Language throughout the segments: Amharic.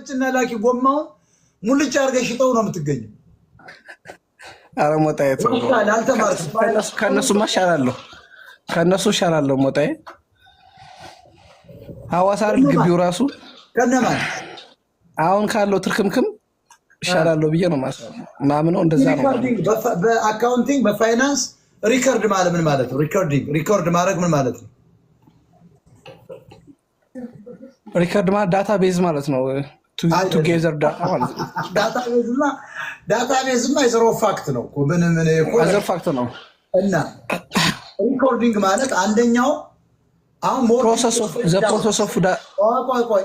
ነጭና ላኪ ጎማውን ሙልጭ አድርገህ ሽጠው ነው የምትገኘው። አረ ሞጣዬ ከእነሱማ እሻላለሁ፣ ከእነሱ እሻላለሁ። ሞጣዬ ሐዋሳ አይደል ግቢው ራሱ ከነማን አሁን ካለው ትርክምክም እሻላለሁ ብዬ ነው ማምነው። እንደዛ ነው። በአካውንቲንግ በፋይናንስ ሪከርድ ማለት ምን ማለት ነው? ሪከርዲንግ ሪከርድ ማድረግ ምን ማለት ነው? ሪከርድ ማለት ዳታ ቤዝ ማለት ነው። ቱጌዘር ዳታ ማለት ነው። ዳታቤዝማ ዳታቤዝማ የዘሮ ፋክት ነው ምን ምን ዘር ፋክት ነው እና ሪኮርዲንግ ማለት አንደኛው አሁን ቆይ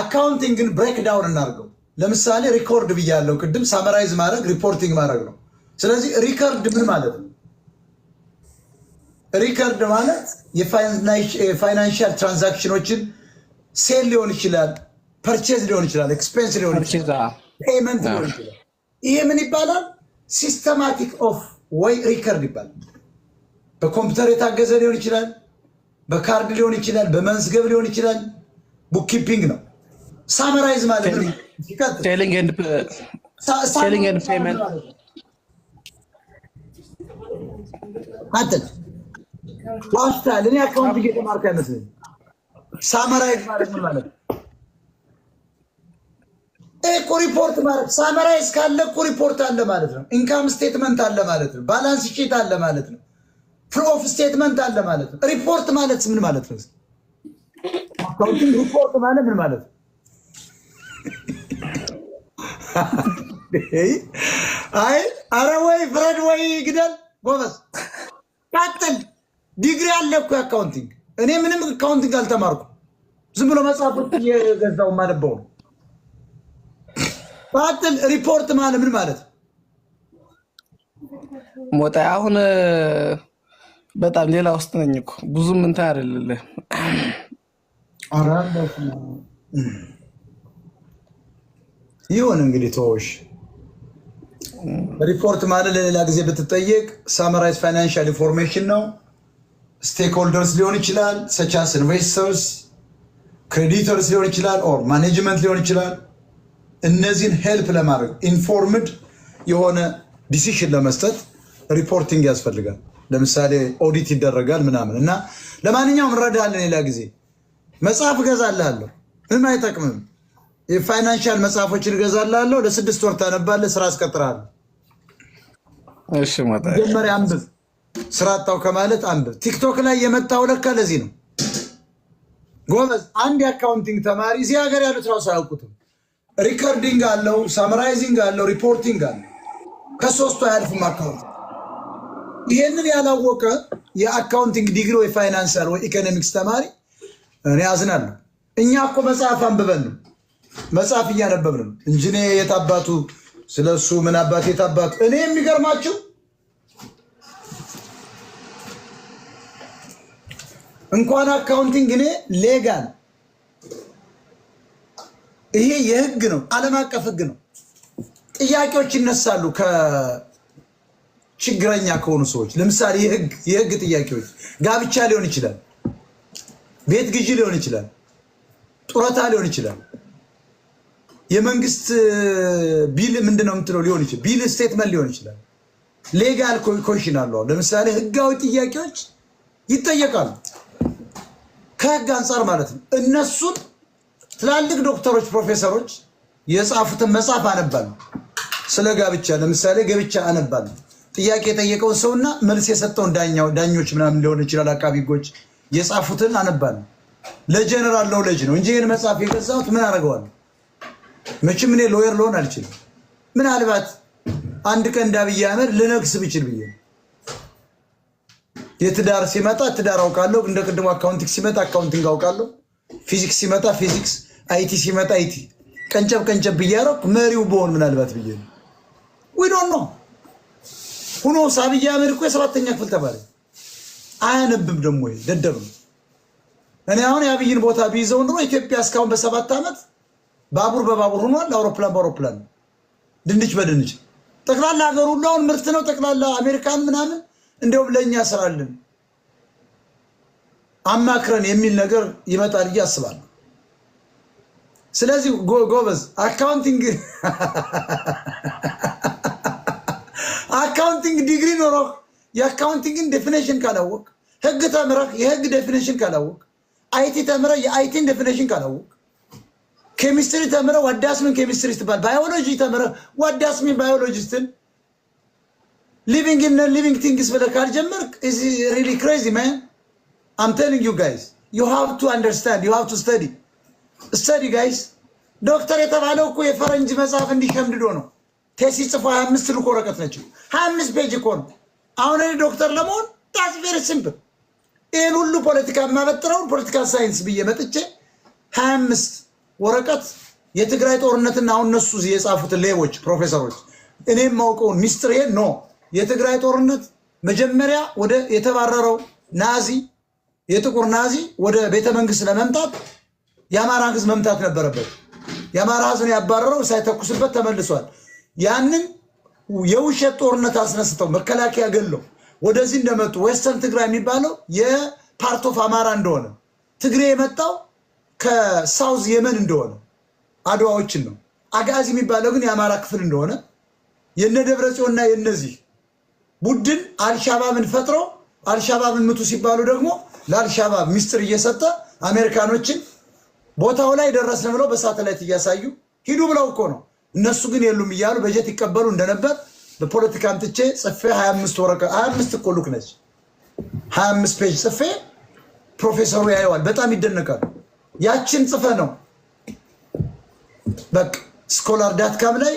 አካውንቲንግን ብሬክ ዳውን እናድርገው። ለምሳሌ ሪኮርድ ብያለው ቅድም ሳመራይዝ ማድረግ ሪፖርቲንግ ማድረግ ነው። ስለዚህ ሪከርድ ምን ማለት ነው? ሪከርድ ማለት የፋይናንሽል ትራንዛክሽኖችን ሴል ሊሆን ይችላል ፐርቼዝ ሊሆን ይችላል፣ ኤክስፔንስ ሊሆን ይችላል፣ ፔመንት ሊሆን ይችላል። ይሄ ምን ይባላል? ሲስተማቲክ ኦፍ ወይ ሪከርድ ይባላል። በኮምፒውተር የታገዘ ሊሆን ይችላል፣ በካርድ ሊሆን ይችላል፣ በመዝገብ ሊሆን ይችላል። ቡክኪፒንግ ነው። ሳመራይዝ ማለት ነው። ዋሽታል። እኔ አካውንት እየተማርኩ አይመስለኝም። ሳመራይዝ ማለት ነው ማለት እኮ ሪፖርት ማለት ሳመራይዝ ካለ እኮ ሪፖርት አለ ማለት ነው። ኢንካም ስቴትመንት አለ ማለት ነው። ባላንስ ሺት አለ ማለት ነው። ኦፍ ስቴትመንት አለ ማለት ነው። ሪፖርት ማለት ምን ማለት ነው? አካውንቲንግ ሪፖርት ማለት ምን ማለት ነው? አይ አረ ወይ ፍረድ ወይ ግደል። ጎበዝ ቀጥል። ዲግሪ አለ እኮ አካውንቲንግ። እኔ ምንም አካውንቲንግ አልተማርኩም። ዝም ብሎ መጽሐፍ እየገዛው ማነበው ነው ባትል ሪፖርት ማለት ምን ማለት ሞጣ አሁን በጣም ሌላ ውስጥ ነኝ እኮ ብዙም እንትን አይደለልህ። ይሁን እንግዲህ ተወሽ። ሪፖርት ማለት ለሌላ ጊዜ ብትጠየቅ ሳመራይዝ ፋይናንሻል ኢንፎርሜሽን ነው። ስቴክሆልደርስ ሊሆን ይችላል፣ ሰቻስ ኢንቨስተርስ፣ ክሬዲተርስ ሊሆን ይችላል፣ ኦር ማኔጅመንት ሊሆን ይችላል። እነዚህን ሄልፕ ለማድረግ ኢንፎርምድ የሆነ ዲሲሽን ለመስጠት ሪፖርቲንግ ያስፈልጋል። ለምሳሌ ኦዲት ይደረጋል ምናምን እና ለማንኛውም እረዳለን ሌላ ጊዜ መጽሐፍ እገዛልሃለሁ። ምንም አይጠቅምም። የፋይናንሻል መጽሐፎችን እገዛልሃለሁ። ለስድስት ወር ታነባለህ። ስራ አስቀጥርሃለሁ። መጀመሪያ አንብብ። ስራ አጣው ከማለት አንብብ። ቲክቶክ ላይ የመጣው ለካ ለዚህ ነው። ጎበዝ አንድ የአካውንቲንግ ተማሪ እዚህ ሀገር ያሉት ራሱ አያውቁትም። ሪከርዲንግ አለው፣ ሳምራይዚንግ አለው፣ ሪፖርቲንግ አለው። ከሶስቱ አያልፍም አካውንት። ይሄንን ያላወቀ የአካውንቲንግ ዲግሪ ወይ ፋይናንሳል ወይ ኢኮኖሚክስ ተማሪ እኔ አዝናለሁ። እኛ እኮ መጽሐፍ አንብበን ነው መጽሐፍ እያነበብን ነው እንጂ እኔ ስለ እሱ ምን አባት የታባቱ። እኔ የሚገርማችሁ እንኳን አካውንቲንግ እኔ ሌጋል ይሄ የህግ ነው፣ ዓለም አቀፍ ህግ ነው። ጥያቄዎች ይነሳሉ ከችግረኛ ከሆኑ ሰዎች። ለምሳሌ የህግ ጥያቄዎች ጋብቻ ሊሆን ይችላል፣ ቤት ግዢ ሊሆን ይችላል፣ ጡረታ ሊሆን ይችላል፣ የመንግስት ቢል ምንድነው የምትለው ሊሆን ይችላል፣ ቢል ስቴትመንት ሊሆን ይችላል። ሌጋል ኮሽን አለ። ለምሳሌ ህጋዊ ጥያቄዎች ይጠየቃሉ፣ ከህግ አንጻር ማለት ነው እነሱን ትላልቅ ዶክተሮች፣ ፕሮፌሰሮች የጻፉትን መጽሐፍ አነባሉ። ስለ ጋብቻ ለምሳሌ ገብቻ አነባሉ። ጥያቄ የጠየቀውን ሰውና መልስ የሰጠውን ዳኞች ምናምን ሊሆን ይችላል አቃቢ ሕጎች የጻፉትን አነባሉ። ለጀነራል ኖሌጅ ነው እንጂ ይህን መጽሐፍ የገዛሁት ምን አደርገዋለሁ? መቼም እኔ ሎየር ልሆን አልችልም። ምናልባት አንድ ቀን እንዳብይ አሕመድ ልነግስ ብችል ብዬ የትዳር ሲመጣ ትዳር አውቃለሁ። እንደ ቅድሞ አካውንቲንግ ሲመጣ አካውንቲንግ አውቃለሁ። ፊዚክስ ሲመጣ ፊዚክስ አይቲ ሲመጣ አይቲ ቀንጨብ ቀንጨብ ብያረኩ መሪው በሆን ምናልባት ብዬ ነው። ዊዶን ነው ሁኖስ አብይ እኮ የሰባተኛ ክፍል ተማሪ አያነብም ደግሞ ደደብ ነው። እኔ አሁን የአብይን ቦታ ቢይዘው ኑሮ ኢትዮጵያ እስካሁን በሰባት ዓመት ባቡር በባቡር ሆኗል፣ አውሮፕላን በአውሮፕላን ድንች በድንች ጠቅላላ ሀገር ሁሉ አሁን ምርት ነው። ጠቅላላ አሜሪካን ምናምን እንዲያውም ለእኛ ስራልን አማክረን የሚል ነገር ይመጣል ብዬ አስባለሁ። ስለዚህ ጎበዝ አካውንቲንግ አካውንቲንግ ዲግሪ ኖሮ የአካውንቲንግን ዴፊኔሽን ካላወቅ፣ ህግ ተምረህ የህግ ዴፊኔሽን ካላወቅ፣ አይቲ ተምረህ የአይቲን ዴፊኔሽን ካላወቅ፣ ኬሚስትሪ ተምረህ ዋዳስምን ኬሚስትሪ ስትባል፣ ባዮሎጂ ተምረህ ዋዳስምን ባዮሎጂስትን ሊቪንግ እና ሊቪንግ ቲንግስ ብለህ ካልጀመርክ ኢዝ ሪሊ ክሬዚ ማን አም ቴሊንግ ዩ ጋይዝ ዩ ሃቭ ቱ አንደርስታንድ ዩ ሃቭ ቱ ስተዲ ስተዲ ጋይስ ዶክተር የተባለው እኮ የፈረንጅ መጽሐፍ እንዲሸምድዶ ነው። ቴሲ ጽፎ ሀያ አምስት ልኮ ወረቀት ነች ሀያ አምስት ፔጅ እኮ ነው። አሁን እኔ ዶክተር ለመሆን ዳስ ቬሪ ሲምፕል። ይህን ሁሉ ፖለቲካ የማበጥረውን ፖለቲካ ሳይንስ ብዬ መጥቼ ሀያ አምስት ወረቀት የትግራይ ጦርነትና አሁን እነሱ የጻፉትን ሌቦች ፕሮፌሰሮች እኔ የማውቀው ሚስጥር ኖ የትግራይ ጦርነት መጀመሪያ ወደ የተባረረው ናዚ የጥቁር ናዚ ወደ ቤተ መንግስት ለመምጣት የአማራ ህዝብ መምታት ነበረበት። የአማራ ህዝብን ያባረረው ሳይተኩስበት ተመልሷል። ያንን የውሸት ጦርነት አስነስተው መከላከያ ገለው ወደዚህ እንደመጡ ዌስተርን ትግራይ የሚባለው የፓርት ኦፍ አማራ እንደሆነ ትግሬ የመጣው ከሳውዝ የመን እንደሆነ አድዋዎችን ነው። አጋዚ የሚባለው ግን የአማራ ክፍል እንደሆነ የነ ደብረ ጽዮንና የነዚህ ቡድን አልሻባብን ፈጥረው አልሻባብን ምቱ ሲባሉ ደግሞ ለአልሻባብ ሚስጥር እየሰጠ አሜሪካኖችን ቦታው ላይ ደረስን ብለው በሳተላይት እያሳዩ ሂዱ ብለው እኮ ነው። እነሱ ግን የሉም እያሉ በጀት ይቀበሉ እንደነበር በፖለቲካ አምጥቼ ጽፌ 25 ወረቀት 25 እኮ ሉክ ነች 25 ፔጅ ጽፌ ፕሮፌሰሩ ያየዋል። በጣም ይደነቃሉ። ያችን ጽፈ ነው በቃ ስኮላር ዳትካም ላይ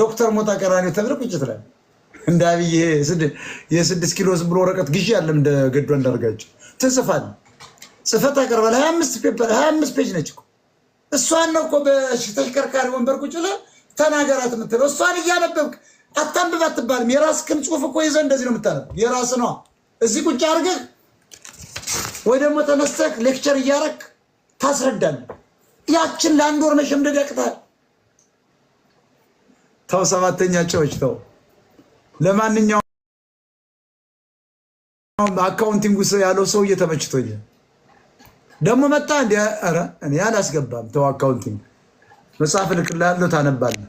ዶክተር ሞታ ቀራኒ ተብለ ቁጭት ላይ እንደ አብይ የስድስት ኪሎ ዝም ብሎ ወረቀት ግዢ አለም እንደ ገዱ አንዳርጋቸው ትጽፋለህ ጽፈት ያቀርባል። ሀያ አምስት ፔፐር ሀያ አምስት ፔጅ ነች እሷን ነው እኮ በተሽከርካሪ ወንበር ቁጭ ብለህ ተናገራት የምትለው እሷን እያነበብክ አታንብብ አትባልም። የራስህን ጽሁፍ እኮ ይዘህ እንደዚህ ነው የምታነበው። የራስ ነዋ። እዚህ ቁጭ አድርገህ ወይ ደግሞ ተነስተህ ሌክቸር እያረክ ታስረዳለህ። ያችን ለአንድ ወር መሸምደድ ያቅታል። ተው ሰባተኛ ጨዎች ተው። ለማንኛውም አካውንቲንግ ውስጥ ያለው ሰው እየተመችቶኛል። ደግሞ መጣ እንዲ ኧረ እኔ አላስገባም። ተው አካውንቲንግ መጽሐፍ እልክልሃለሁ ታነባለህ።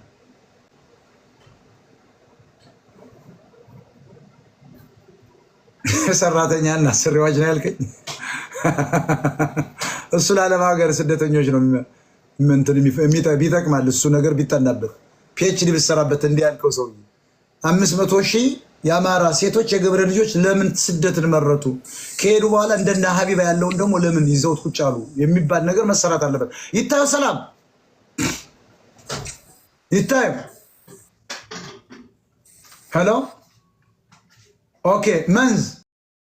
እና ስሪዋጅ ነው ያልከኝ። እሱ ለዓለም ሀገር ስደተኞች ነው ምንትን ቢጠቅማል እሱ ነገር ቢጠናበት ፒኤችዲ ብትሰራበት እንዲህ ያልከው ሰውዬ አምስት መቶ ሺህ የአማራ ሴቶች የገብረ ልጆች ለምን ስደትን መረጡ? ከሄዱ በኋላ እንደነ ሀቢባ ያለውን ደግሞ ለምን ይዘውት ቁጭ አሉ የሚባል ነገር መሰራት አለበት። ይታዩ፣ ሰላም ይታዩ። ሄሎ ኦኬ መንዝ